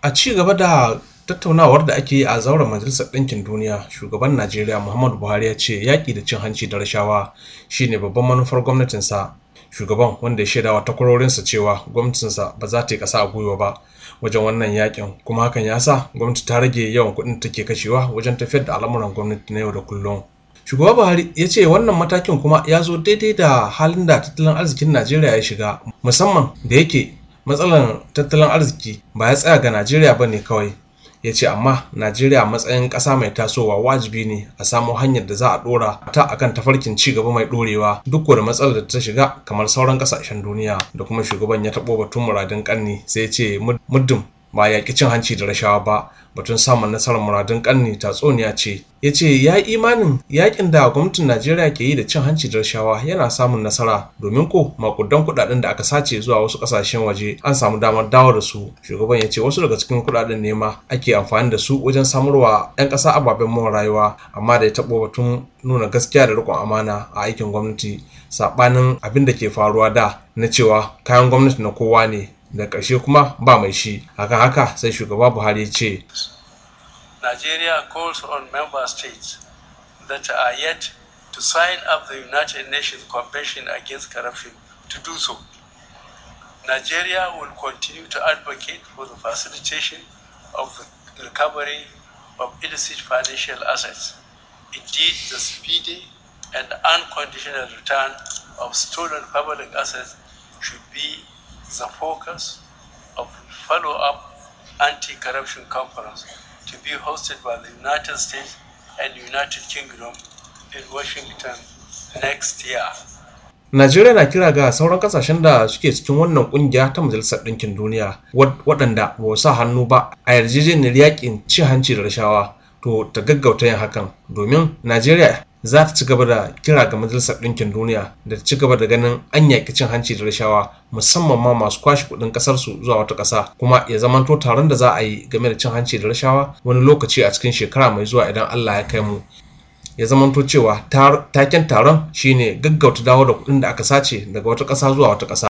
a ci gaba da tattaunawar da ake yi a zauren majalisar ɗinkin duniya shugaban najeriya muhammadu buhari ya ce yaƙi da cin hanci da rashawa shine babban manufar gwamnatinsa shugaban wanda ya shaidawa takwarorinsa cewa gwamnatinsa ba za ta yi ƙasa a gwiwa ba wajen wannan yakin kuma hakan ya sa gwamnati ta rage yawan kuɗin da take kashewa wajen tafiyar da al'amuran gwamnati na yau da kullum shugaba buhari ya ce wannan matakin kuma ya zo daidai da halin da tattalin arzikin najeriya ya shiga musamman da yake matsalar tattalin arziki ba ya tsaya ga najeriya ba ne kawai ya ce amma najeriya matsayin ƙasa mai tasowa wajibi ne a samo hanyar da za a ɗora ta akan tafarkin ci gaba mai ɗorewa duk da matsalar da ta shiga kamar sauran ƙasashen duniya da kuma shugaban ya taɓo batun muradin ƙanni sai ya ce muddin ba yaƙi cin hanci da rashawa ba batun samun nasarar muradun ƙarni tatsuniya ce ya ce ya yi imanin Yaƙin da gwamnatin najeriya ke yi da cin hanci da rashawa yana samun nasara domin ko makudan kuɗaɗen da aka sace zuwa wasu ƙasashen waje an samu damar dawo da su shugaban ya ce wasu daga cikin kuɗaɗen ne ma ake amfani da su wajen samarwa 'yan ƙasa ababen mawa rayuwa amma da ya taɓo batun nuna gaskiya da riƙon amana a aikin gwamnati saɓanin abin da ke faruwa da na cewa kayan gwamnati na kowa ne da ƙarshe kuma ba mai shi haka haka sai shugaba buhari ya ce nigeria calls on member states that are yet to sign up the united nations convention against corruption to do so nigeria will continue to advocate for the facilitation of the recovery of illicit financial assets indeed the speedy and unconditional return of stolen public assets should be the focus of follow-up anti-corruption conference to be hosted by the United States and United Kingdom in Washington next year. Najeriya na kira ga sauran kasashen da suke cikin wannan kungiya ta Majalisar Ɗinkin Duniya waɗanda ba sa hannu ba a yarjejeniyar yakin ci hanci da rashawa to ta gaggauta yin hakan domin Najeriya za ta ci gaba da kira ga majalisar ɗinkin duniya da ta ci gaba da ganin an yaƙi cin hanci da rashawa musamman ma masu kwashe kuɗin ƙasarsu zuwa wata ƙasa kuma ya zamanto taron da za a yi game da cin hanci da rashawa wani lokaci a cikin shekara mai zuwa idan Allah ya kai mu ya zamanto cewa taken taron shine gaggauta dawo da kuɗin da aka sace daga wata ƙasa zuwa wata ƙasa